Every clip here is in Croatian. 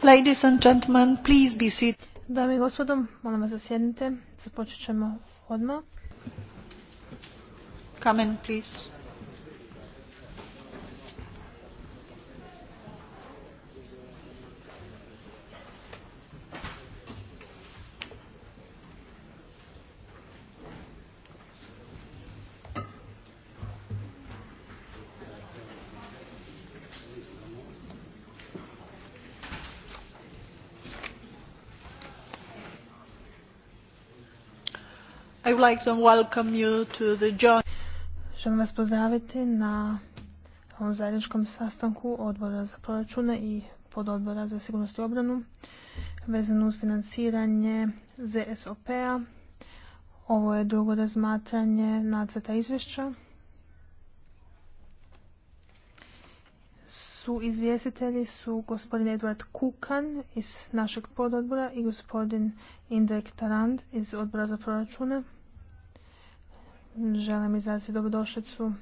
Ladies and gentlemen, please be seated. Dame i gospodo, molim vas da sjednite. Započet ćemo odmah. Come in, please. I to the Želim vas pozdraviti na ovom zajedničkom sastanku odbora za proračune i pododbora za sigurnost i obranu vezano uz financiranje ZSOP-a. Ovo je drugo razmatranje nacrta izvješća. Su izvjestitelji su gospodin Edward Kukan iz našeg pododbora i gospodin Indrek Tarand iz odbora za proračune. Želim izraziti dobrodošlicu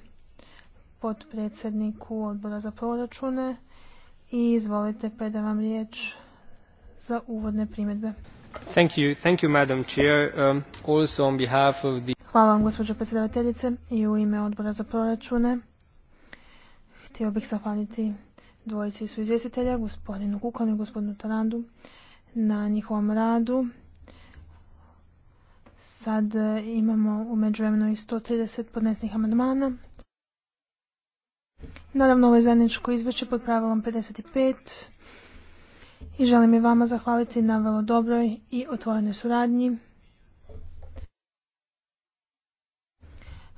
potpredsjedniku odbora za proračune i izvolite predam vam riječ za uvodne primjedbe. Hvala vam gospođo predsjedateljice, i u ime odbora za proračune. Htio bih zahvaliti dvojici su izvjestitelja, gospodinu Kukanu i gospodinu Tarandu, na njihovom radu Sad e, imamo u međuvremenu i 130 podnesnih amandmana. Naravno, ovo je zajedničko izvješće pod pravilom 55 i želim i vama zahvaliti na vrlo dobroj i otvorenoj suradnji.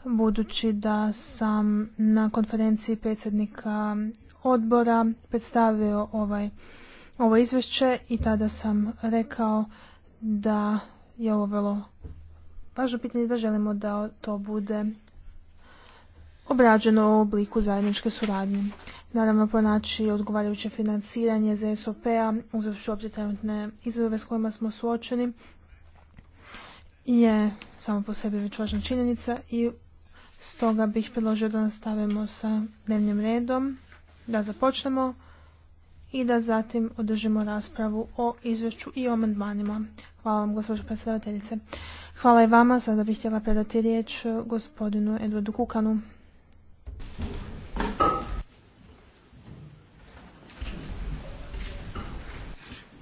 Budući da sam na konferenciji predsjednika odbora predstavio ovaj, ovo izvješće i tada sam rekao da je ovo vrlo važno pitanje da želimo da to bude obrađeno u obliku zajedničke suradnje. Naravno, pronaći odgovarajuće financiranje za SOP-a, uzavšu obzir trenutne izazove s kojima smo suočeni, je samo po sebi već važna činjenica i stoga bih predložio da nastavimo sa dnevnim redom, da započnemo i da zatim održimo raspravu o izvješću i o amandmanima. Hvala vam, gospođo predsjedavateljice. Hvala i vama. Sada bih htjela predati riječ e, gospodinu Edvardu Kukanu.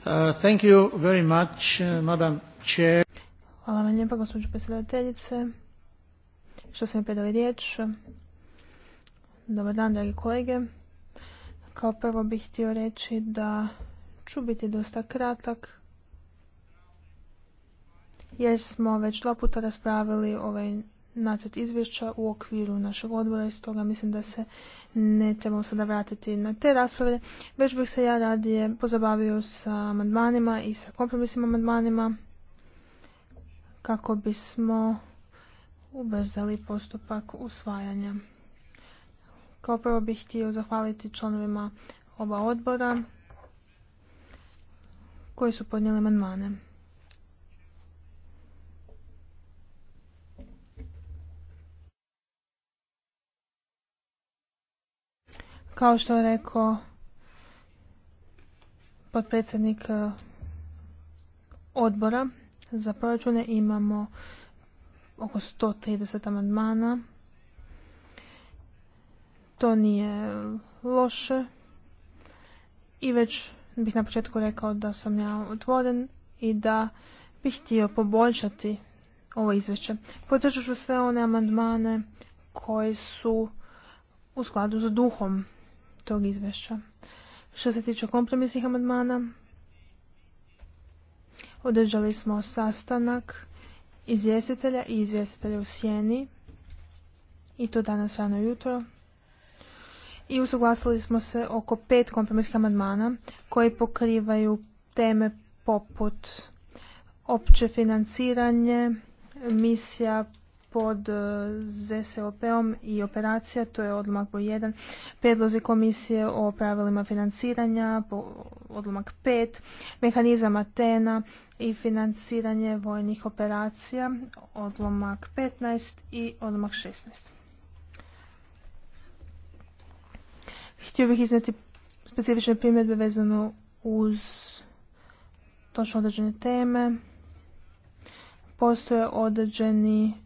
Uh, thank you very much, uh, Hvala vam lijepa, gospođo predsjedateljice, što ste mi predali riječ. Dobar dan, dragi kolege. Kao prvo bih htio reći da ću biti dosta kratak jer smo već dva puta raspravili ovaj nacrt izvješća u okviru našeg odbora i stoga mislim da se ne trebamo sada vratiti na te rasprave, već bih se ja radije pozabavio sa amandmanima i sa kompromisnim amandmanima kako bismo ubrzali postupak usvajanja. Kao prvo bih htio zahvaliti članovima oba odbora koji su podnijeli amandmane. Kao što je rekao potpredsjednik e, odbora za proračune imamo oko 130 amandmana. To nije loše i već bih na početku rekao da sam ja otvoren i da bih htio poboljšati ovo izvješće. Podržat ću sve one amandmane koji su u skladu s duhom tog izvješća. Što se tiče kompromisnih amandmana, održali smo sastanak izvjestitelja i izvjestitelja u Sjeni i to danas rano jutro. I usuglasili smo se oko pet kompromisnih amandmana koji pokrivaju teme poput opće financiranje, misija pod e, ZSOP-om i operacija, to je odlomak broj 1, predlozi komisije o pravilima financiranja, odlomak 5, mehanizam Atena i financiranje vojnih operacija, odlomak 15 i odlomak 16. Htio bih izneti specifične primjedbe vezano uz točno određene teme. Postoje određeni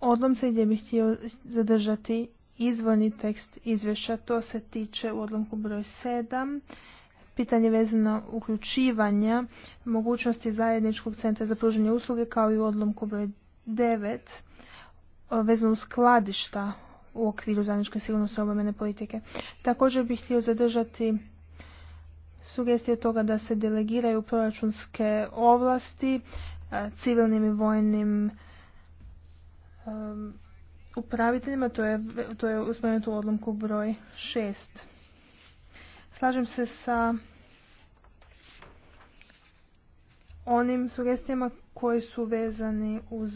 Odlomce se gdje bih htio zadržati izvorni tekst izvješća. To se tiče u odlomku broj 7 pitanje vezano uključivanja mogućnosti zajedničkog centra za pružanje usluge kao i u odlomku broj 9 e, vezano uz skladišta u okviru zajedničke sigurnosti obamene politike. Također bih htio zadržati sugestije toga da se delegiraju proračunske ovlasti e, civilnim i vojnim upraviteljima, to je, to u odlomku broj šest. Slažem se sa onim sugestijama koji su vezani uz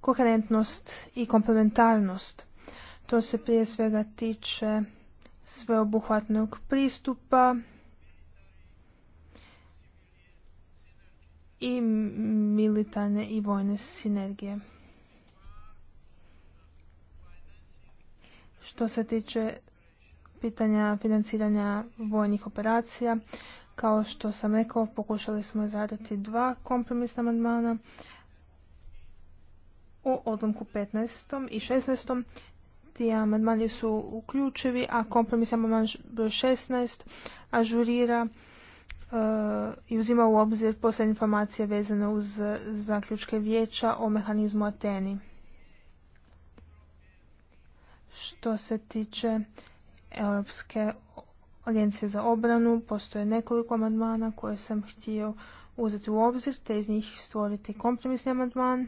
koherentnost i komplementarnost. To se prije svega tiče sveobuhvatnog pristupa i militarne i vojne sinergije. što se tiče pitanja financiranja vojnih operacija. Kao što sam rekao, pokušali smo izraditi dva kompromisna amandmana u odlomku 15. i 16. Ti amandmani su uključivi, a kompromis amandman broj 16 ažurira e, i uzima u obzir posljednje informacije vezane uz zaključke vijeća o mehanizmu Ateni. Što se tiče Europske agencije za obranu, postoje nekoliko amandmana koje sam htio uzeti u obzir, te iz njih stvoriti kompromisni amandman.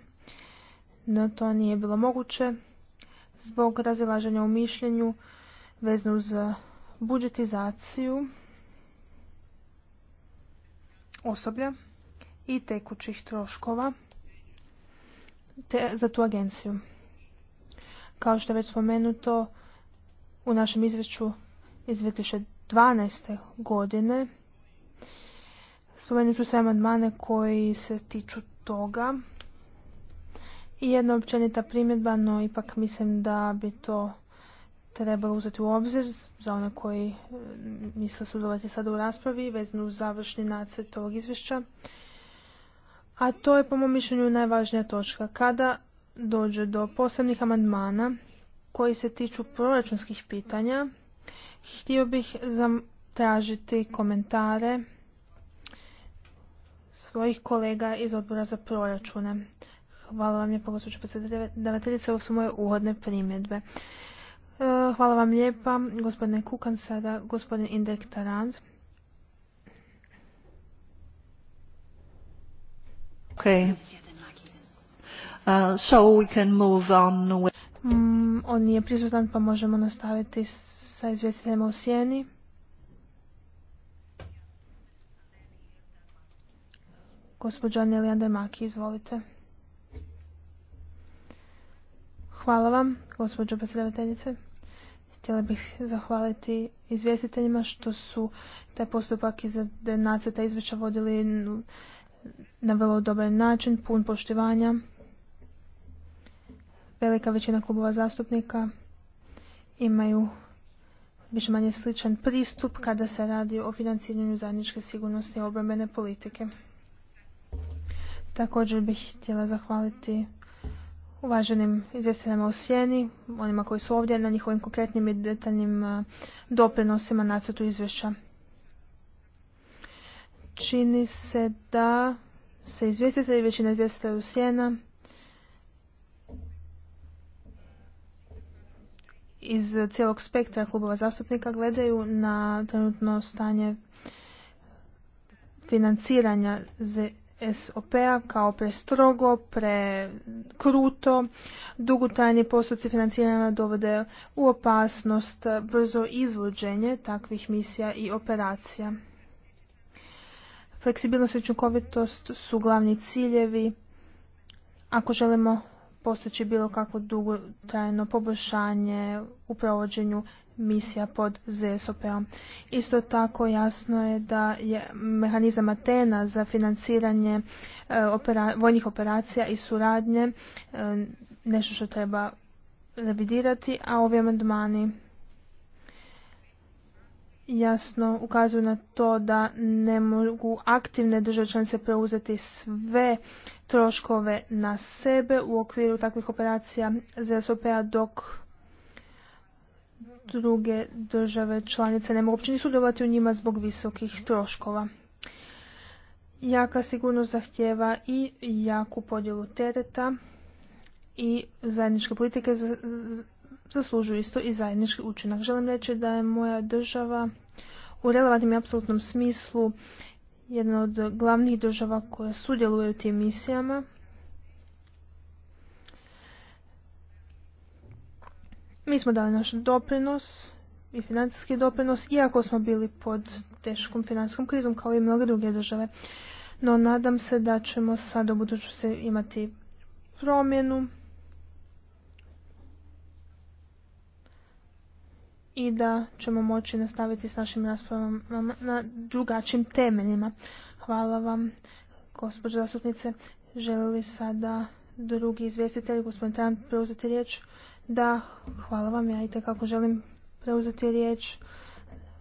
No to nije bilo moguće zbog razilaženja u mišljenju vezno uz budžetizaciju osoblja i tekućih troškova te za tu agenciju. Kao što je već spomenuto u našem izveću iz 2012. godine, spomenut ću sve amandmane koji se tiču toga. I jedna općenita primjedba, no ipak mislim da bi to trebalo uzeti u obzir za one koji mm, misle sudovati sada u raspravi vezano uz završni nacrt ovog izvješća. A to je po mom mišljenju najvažnija točka. Kada dođe do posebnih amandmana koji se tiču proračunskih pitanja, htio bih zatražiti komentare svojih kolega iz odbora za proračune. Hvala vam lijepo, gospođo predsjedavateljice, ovo su moje uhodne primjedbe. E, hvala vam lijepa, gospodine Kukan, sada gospodin Indek Tarant. Uh, so we can move on with... Mm, on nije prisutan pa možemo nastaviti sa izvjestiteljima u sjeni. Gospođa Anelija Demaki, izvolite. Hvala vam, gospođo predsjedateljice. Htjela bih zahvaliti izvjestiteljima što su taj postupak iz nacrta izvješća vodili na vrlo dobar način, pun poštivanja velika većina klubova zastupnika imaju više manje sličan pristup kada se radi o financiranju zajedničke sigurnosti i obrambene politike. Također bih htjela zahvaliti uvaženim izvjestiteljima u Sjeni, onima koji su ovdje, na njihovim konkretnim i detaljnim doprinosima nacrtu izvješća. Čini se da se izvjestitelji, većina izvjestitelja u Sjena, iz cijelog spektra klubova zastupnika gledaju na trenutno stanje financiranja SOP-a kao prestrogo, prekruto, dugotrajni postupci financiranja dovode u opasnost brzo izvođenje takvih misija i operacija. Fleksibilnost i učinkovitost su glavni ciljevi ako želimo postići bilo kakvo dugotrajno poboljšanje u provođenju misija pod ZSOP-om. Isto tako jasno je da je mehanizam Atena za financiranje e, vojnih operacija i suradnje e, nešto što treba revidirati, a ovi amandmani jasno ukazuju na to da ne mogu aktivne države članice preuzeti sve troškove na sebe u okviru takvih operacija ZSOP-a dok druge države članice ne mogu uopće u njima zbog visokih troškova. Jaka sigurnost zahtjeva i jaku podjelu tereta i zajedničke politike zaslužuju isto i zajednički učinak. Želim reći da je moja država u relevantnom i apsolutnom smislu jedna od glavnih država koja sudjeluje u tim misijama. Mi smo dali naš doprinos i financijski doprinos, iako smo bili pod teškom financijskom krizom kao i mnoge druge države. No nadam se da ćemo sad u budućnosti imati promjenu i da ćemo moći nastaviti s našim raspravama na drugačijim temeljima. Hvala vam, gospođa zastupnice. Želi li sada drugi izvjestitelj, gospodin Trant, preuzeti riječ? Da, hvala vam. Ja i kako želim preuzeti riječ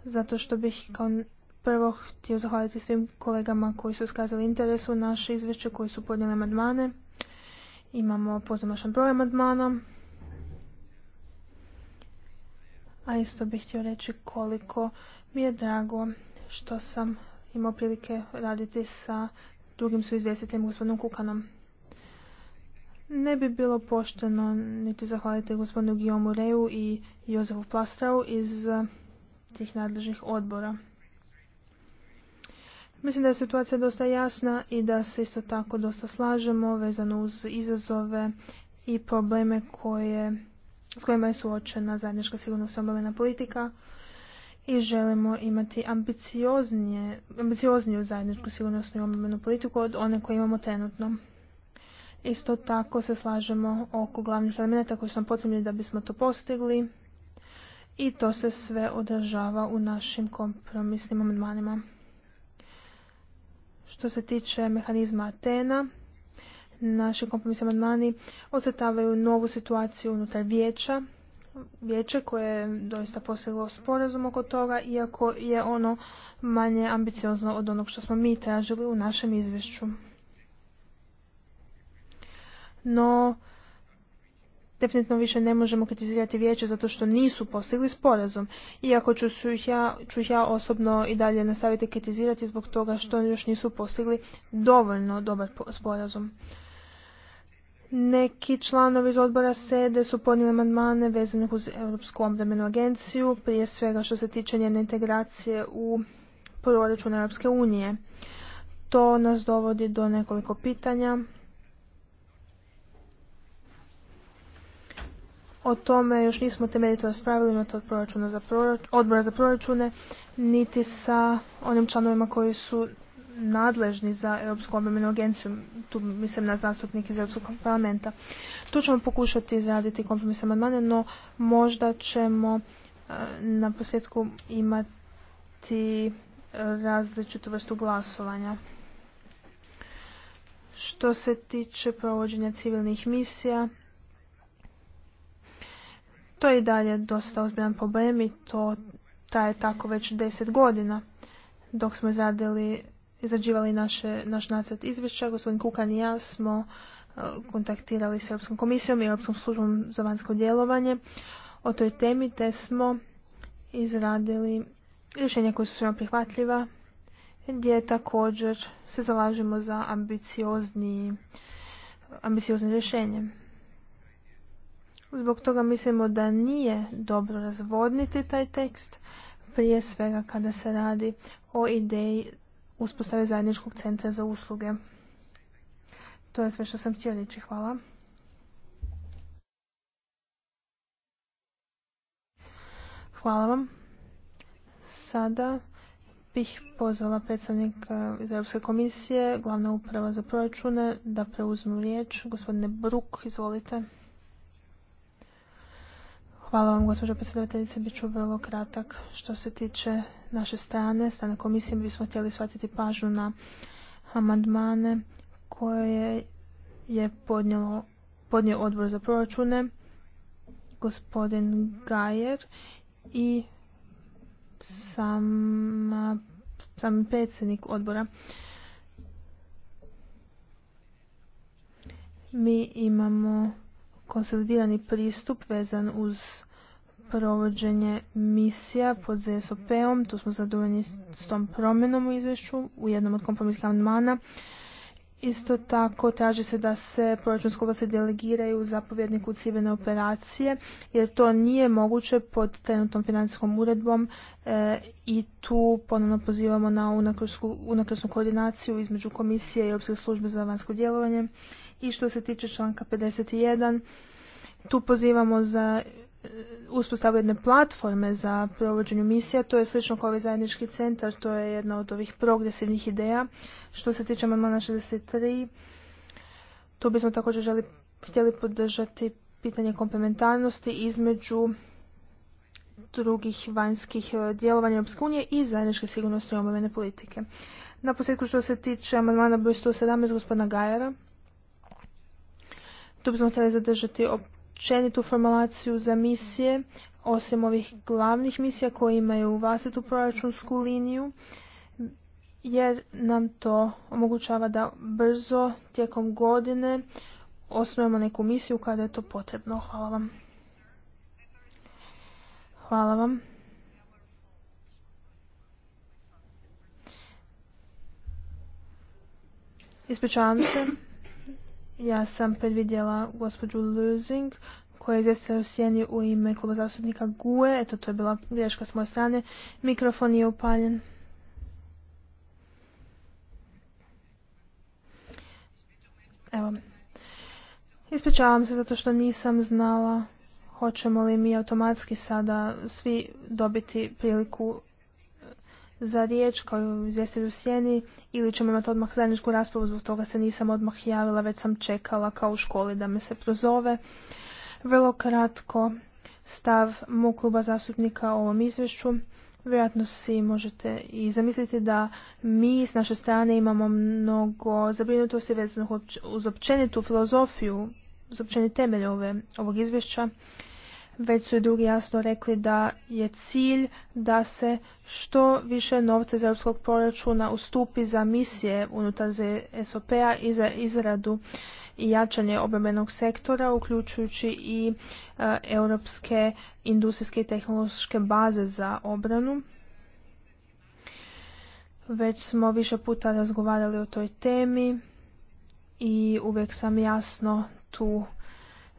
zato što bih kao prvo htio zahvaliti svim kolegama koji su iskazali interes u naše izvješće, koji su podnijeli amandmane. Imamo poznamašan broj amandmana a isto bih htio reći koliko mi je drago što sam imao prilike raditi sa drugim su gospodinom Kukanom. Ne bi bilo pošteno niti zahvaliti gospodinu Guillaume Reu i Jozefu Plastrau iz tih nadležnih odbora. Mislim da je situacija dosta jasna i da se isto tako dosta slažemo vezano uz izazove i probleme koje s kojima je suočena zajednička sigurnosna obavljena politika i želimo imati ambicioznije, ambiciozniju zajedničku sigurnosnu i obrambenu politiku od one koje imamo trenutno. Isto tako se slažemo oko glavnih elemenata koji su nam potrebni da bismo to postigli i to se sve održava u našim kompromisnim amandmanima. Što se tiče mehanizma Atena, naši kompromisni amandmani ocrtavaju novu situaciju unutar vijeća, vijeće koje je doista postiglo sporazum oko toga, iako je ono manje ambiciozno od onog što smo mi tražili u našem izvješću. No, definitivno više ne možemo kritizirati vijeće zato što nisu postigli sporazum. Iako ću, ih ja, ja osobno i dalje nastaviti kritizirati zbog toga što još nisu postigli dovoljno dobar sporazum. Neki članovi iz odbora SEDE su podnijeli amandmane vezanih uz Europsku obrambenu agenciju, prije svega što se tiče njene integracije u proračun Europske unije. To nas dovodi do nekoliko pitanja. O tome još nismo temeljito raspravili od proračuna odbora za proračune, niti sa onim članovima koji su nadležni za Europsku obrambenu agenciju, tu mislim na zastupnike iz Europskog parlamenta. Tu ćemo pokušati izraditi kompromis amandmane, no možda ćemo e, na posljedku imati različitu vrstu glasovanja. Što se tiče provođenja civilnih misija, to je i dalje dosta ozbiljan problem i to traje tako već deset godina dok smo izradili izrađivali naše, naš nacrt izvješća. Gospodin Kukan i ja smo e, kontaktirali s Europskom komisijom i Europskom službom za vanjsko djelovanje o toj temi, te smo izradili rješenja koje su svima prihvatljiva, gdje također se zalažemo za ambiciozni, ambiciozne rješenje. Zbog toga mislimo da nije dobro razvodniti taj tekst, prije svega kada se radi o ideji uspostave zajedničkog centra za usluge. To je sve što sam htio reći. Hvala. Hvala vam. Sada bih pozvala predstavnika iz Europske komisije, glavna uprava za proračune, da preuzmu riječ. Gospodine Bruk, izvolite. Hvala vam, gospođo predsjedateljice. Biću vrlo kratak. Što se tiče naše strane, strane komisije, bismo htjeli shvatiti pažnju na amandmane koje je podnijelo, podnio odbor za proračune, gospodin Gajer i sam predsjednik odbora. Mi imamo konsolidirani pristup vezan uz provođenje misija pod ZSOP-om. Tu smo zadovoljni s tom promjenom u izvješću u jednom od kompromisnih amandmana Isto tako traži se da se proračunsko ovlasti delegiraju zapovjedniku civilne operacije jer to nije moguće pod trenutnom financijskom uredbom e, i tu ponovno pozivamo na unakršnu koordinaciju između Komisije i Opske službe za vanjsko djelovanje. I što se tiče članka 51, tu pozivamo za uspostavu jedne platforme za provođenju misija, to je slično kao ovaj zajednički centar, to je jedna od ovih progresivnih ideja. Što se tiče amandmana 63, tu bismo također želi, htjeli podržati pitanje komplementarnosti između drugih vanjskih e, djelovanja Europske i zajedničke sigurnosne obrambene politike. Na posljedku što se tiče amandmana broj 117 gospodina Gajera, tu bismo htjeli zadržati općenitu formulaciju za misije, osim ovih glavnih misija koje imaju vlastitu proračunsku liniju, jer nam to omogućava da brzo tijekom godine osnujemo neku misiju kada je to potrebno. Hvala vam. Hvala vam. Ispričavam se. Ja sam predvidjela gospođu Lusing koja je izvjestila u sjeni u ime kluba zastupnika GUE. Eto, to je bila greška s moje strane. Mikrofon je upaljen. Evo. Ispričavam se zato što nisam znala hoćemo li mi automatski sada svi dobiti priliku za riječ kao izvjestili u sjeni ili ćemo imati odmah zajedničku raspravu, zbog toga se nisam odmah javila, već sam čekala kao u školi da me se prozove. Vrlo kratko stav mu kluba zastupnika o ovom izvješću. Vjerojatno si možete i zamisliti da mi s naše strane imamo mnogo zabrinutosti vezano uz općenitu filozofiju, uz općeni ove, ovog izvješća već su i drugi jasno rekli da je cilj da se što više novca iz europskog proračuna ustupi za misije unutar SOP-a i za izradu i jačanje obrambenog sektora, uključujući i e, europske industrijske i tehnološke baze za obranu. Već smo više puta razgovarali o toj temi i uvijek sam jasno tu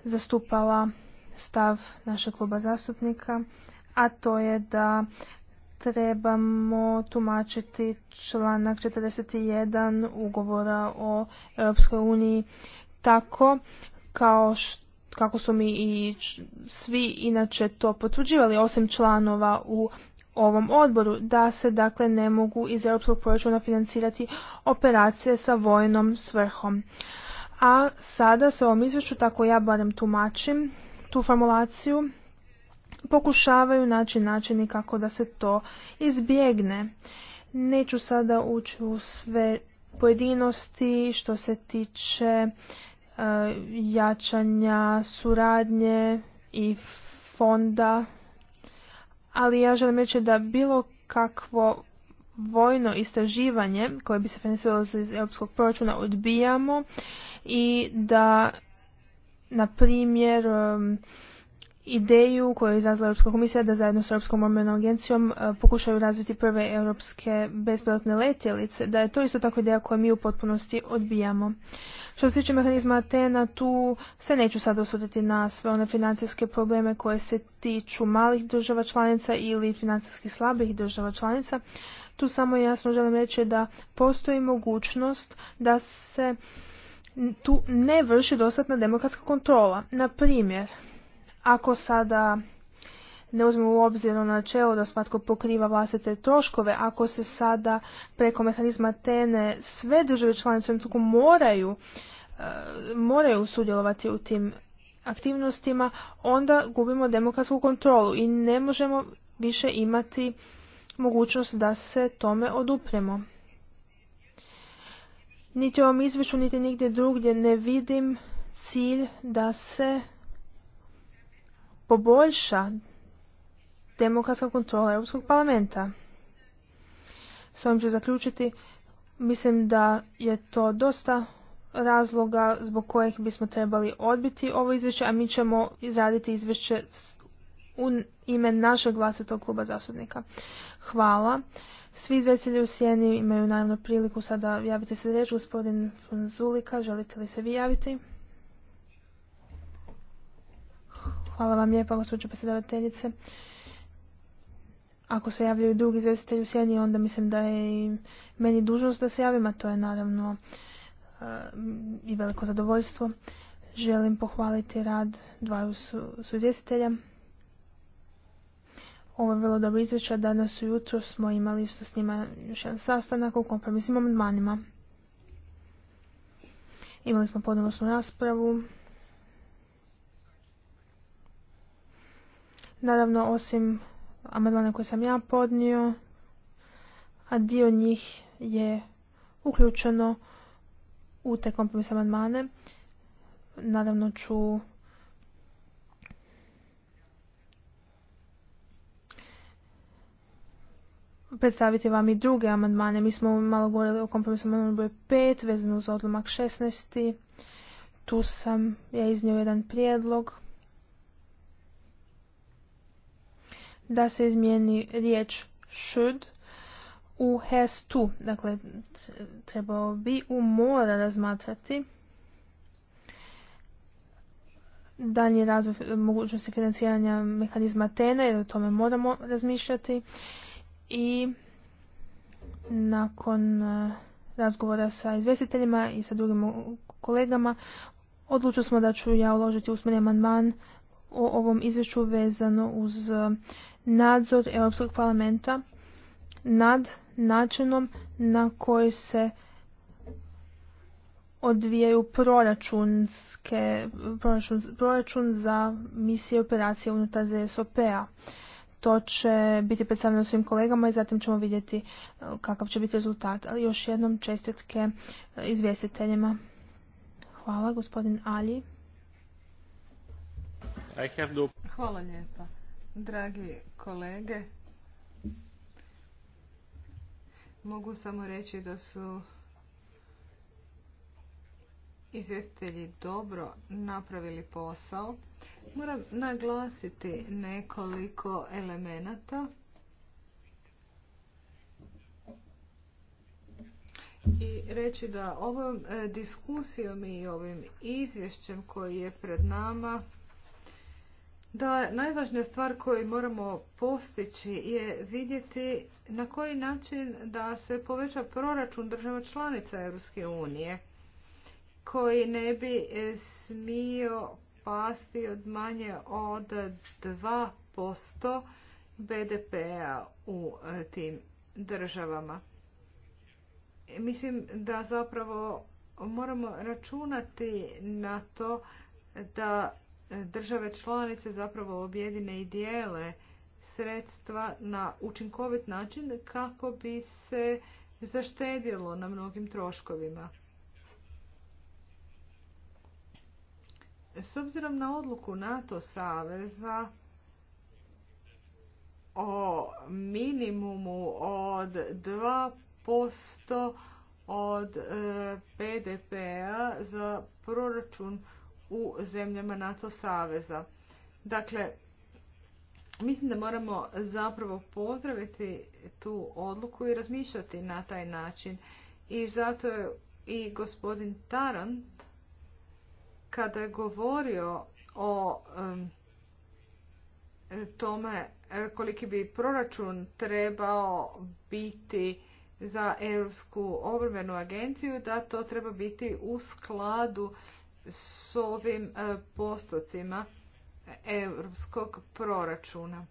zastupala stav našeg kluba zastupnika, a to je da trebamo tumačiti članak 41 ugovora o Europskoj uniji tako kao kako su mi i svi inače to potvrđivali, osim članova u ovom odboru, da se dakle ne mogu iz europskog proračuna financirati operacije sa vojnom svrhom. A sada se ovom izvješću, tako ja barem tumačim, tu formulaciju pokušavaju naći načini kako da se to izbjegne. Neću sada ući u sve pojedinosti što se tiče e, jačanja suradnje i fonda, ali ja želim reći da bilo kakvo vojno istraživanje koje bi se financiralo iz europskog proračuna odbijamo i da na primjer um, ideju koju je izrazila Europska komisija da zajedno s Europskom obmenom agencijom uh, pokušaju razviti prve europske bespilotne letjelice, da je to isto tako ideja koju mi u potpunosti odbijamo. Što se tiče mehanizma Atena, tu se neću sad osuditi na sve one financijske probleme koje se tiču malih država članica ili financijski slabih država članica. Tu samo jasno želim reći da postoji mogućnost da se tu ne vrši dostatna demokratska kontrola. Na primjer, ako sada ne uzmemo u obzir ono načelo da svatko pokriva vlastite troškove, ako se sada preko mehanizma tene sve države članice u moraju, eh, moraju sudjelovati u tim aktivnostima, onda gubimo demokratsku kontrolu i ne možemo više imati mogućnost da se tome odupremo. Niti u ovom izvješću, niti nigdje drugdje ne vidim cilj da se poboljša demokratska kontrola Europskog parlamenta. S ovim ću zaključiti, mislim da je to dosta razloga zbog kojih bismo trebali odbiti ovo izvješće, a mi ćemo izraditi izvješće u ime našeg vlastitog kluba zastupnika. Hvala. Svi izvjestitelji u sjeni imaju naravno priliku sada javiti se riječ. Gospodin Zulika, želite li se vi javiti? Hvala vam lijepa, gospođo predsjedavateljice. Ako se javljaju drugi izvestitelji u sjeni, onda mislim da je i meni dužnost da se javim, a to je naravno e, i veliko zadovoljstvo. Želim pohvaliti rad dvaju su, ovo je vrlo dobro izvješće. Danas ujutro smo imali isto s njima još jedan sastanak o kompromisnim amandmanima. Imali smo podnosnu raspravu. Naravno, osim amandmana koje sam ja podnio, a dio njih je uključeno u te kompromise amandmane. Naravno ću predstaviti vam i druge amandmane. Mi smo malo govorili o kompromisu amandmanu broj 5 vezano uz odlomak 16. Tu sam ja iznio jedan prijedlog da se izmijeni riječ should u has to. Dakle, trebao bi u mora razmatrati danji razvoj mogućnosti financiranja mehanizma TENA, jer o tome moramo razmišljati i nakon e, razgovora sa izvjestiteljima i sa drugim kolegama odlučili smo da ću ja uložiti usmeni amandman o ovom izvješću vezano uz e, nadzor Europskog parlamenta nad načinom na koji se odvijaju proračunske, proračun, za misije i operacije unutar ZSOP-a. To će biti predstavljeno svim kolegama i zatim ćemo vidjeti e, kakav će biti rezultat. Ali još jednom čestitke e, izvjestiteljima. Hvala, gospodin Ali. Hvala lijepa. Dragi kolege, mogu samo reći da su izvjestitelji dobro napravili posao. Moram naglasiti nekoliko elemenata. I reći da ovom e, diskusijom i ovim izvješćem koji je pred nama da najvažnija stvar koju moramo postići je vidjeti na koji način da se poveća proračun država članica Europske unije koji ne bi e, smio pasti od manje od 2% BDP-a u e, tim državama. Mislim da zapravo moramo računati na to da države članice zapravo objedine i dijele sredstva na učinkovit način kako bi se zaštedjelo na mnogim troškovima. S obzirom na odluku NATO saveza o minimumu od 2% od e, PDP-a za proračun u zemljama NATO saveza. Dakle, mislim da moramo zapravo pozdraviti tu odluku i razmišljati na taj način. I zato je i gospodin Tarant kada je govorio o e, tome e, koliki bi proračun trebao biti za Europsku obrvenu agenciju, da to treba biti u skladu s ovim e, postocima europskog proračuna.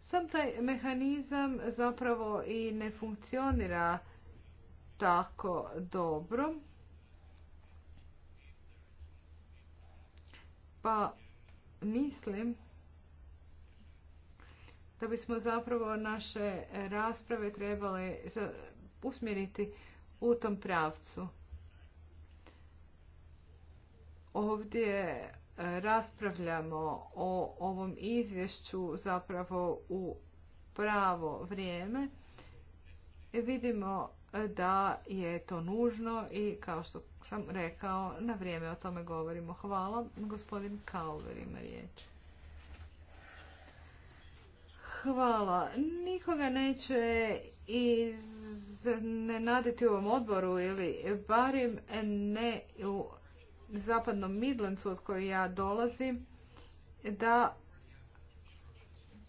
Sam taj mehanizam zapravo i ne funkcionira tako dobro. Pa mislim da bismo zapravo naše rasprave trebali usmjeriti u tom pravcu. Ovdje e, raspravljamo o ovom izvješću zapravo u pravo vrijeme. E, vidimo da je to nužno i kao što sam rekao, na vrijeme o tome govorimo. Hvala. Gospodin Kalver ima riječ. Hvala. Nikoga neće iznenaditi u ovom odboru ili barim ne u zapadnom Midlandsu od koje ja dolazim da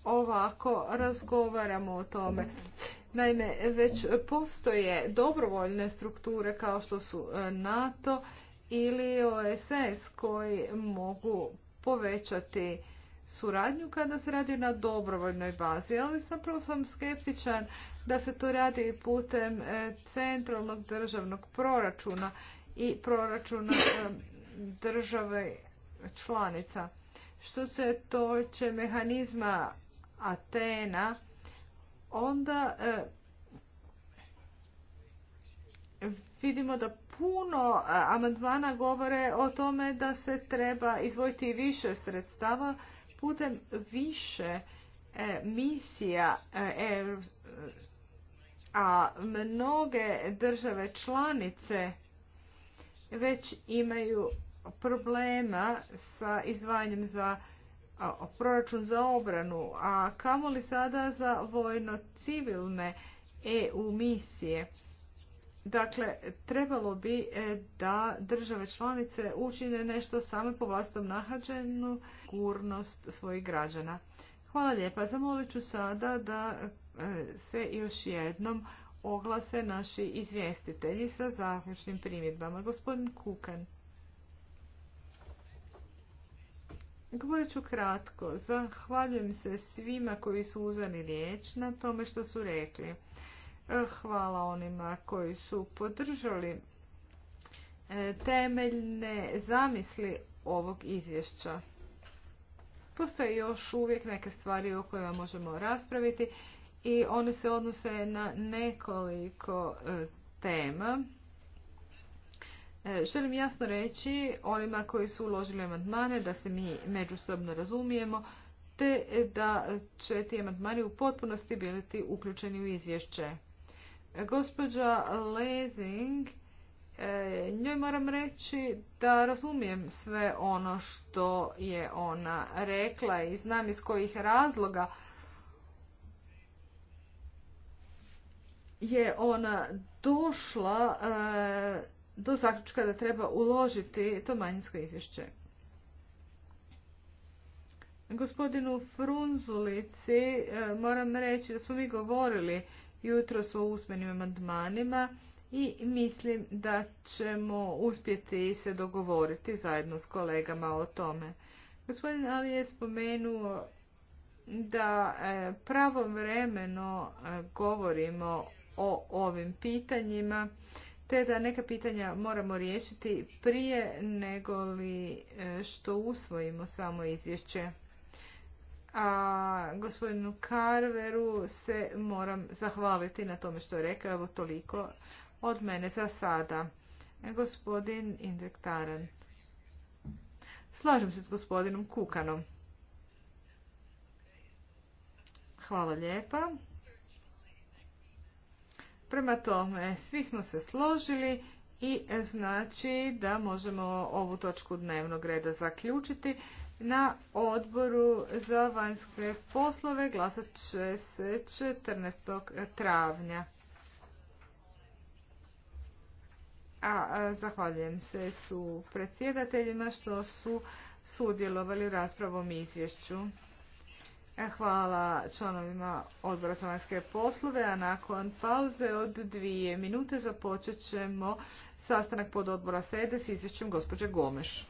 ovako razgovaramo o tome. Naime, već postoje dobrovoljne strukture kao što su e, NATO ili OSS koji mogu povećati suradnju kada se radi na dobrovoljnoj bazi, ali zapravo sam skeptičan da se to radi putem e, centralnog državnog proračuna i proračuna e, države članica. Što se toče mehanizma Atena, onda e, vidimo da puno e, amandmana govore o tome da se treba izvojiti više sredstava putem više e, misija a mnoge države članice već imaju problema sa izdvajanjem za proračun za obranu, a kamoli sada za vojno-civilne EU misije. Dakle, trebalo bi e, da države članice učine nešto same po vlastom nahađenu kurnost svojih građana. Hvala lijepa. Zamolit ću sada da e, se još jednom oglase naši izvjestitelji sa zaključnim primjedbama. Gospodin Kukan. Govorit ću kratko. Zahvaljujem se svima koji su uzeli riječ na tome što su rekli. E, hvala onima koji su podržali e, temeljne zamisli ovog izvješća. Postoje još uvijek neke stvari o kojima možemo raspraviti i one se odnose na nekoliko e, tema. E, želim jasno reći onima koji su uložili amandmane da se mi međusobno razumijemo te da će ti amandmani u potpunosti biti uključeni u izvješće. Gospođa Lezing, e, njoj moram reći da razumijem sve ono što je ona rekla i znam iz kojih razloga je ona došla e, do zaključka da treba uložiti to manjinsko izvješće. Gospodinu Frunzulici e, moram reći da smo mi govorili jutros o usmenim amandmanima i mislim da ćemo uspjeti se dogovoriti zajedno s kolegama o tome. Gospodin Ali je spomenuo da e, pravovremeno e, govorimo o ovim pitanjima te da neka pitanja moramo riješiti prije nego li e, što usvojimo samo izvješće. A gospodinu Carveru se moram zahvaliti na tome što je rekao, evo toliko od mene za sada. E, gospodin Indrek Slažem se s gospodinom Kukanom. Hvala lijepa. Prema tome, svi smo se složili i e, znači da možemo ovu točku dnevnog reda zaključiti. Na odboru za vanjske poslove glasat će se 14. travnja. A zahvaljujem se su predsjedateljima što su sudjelovali raspravom izvješću. E, hvala članovima odbora za vanjske poslove, a nakon pauze od dvije minute započet ćemo sastanak pod odbora sede s izvješćem gospođe Gomeš.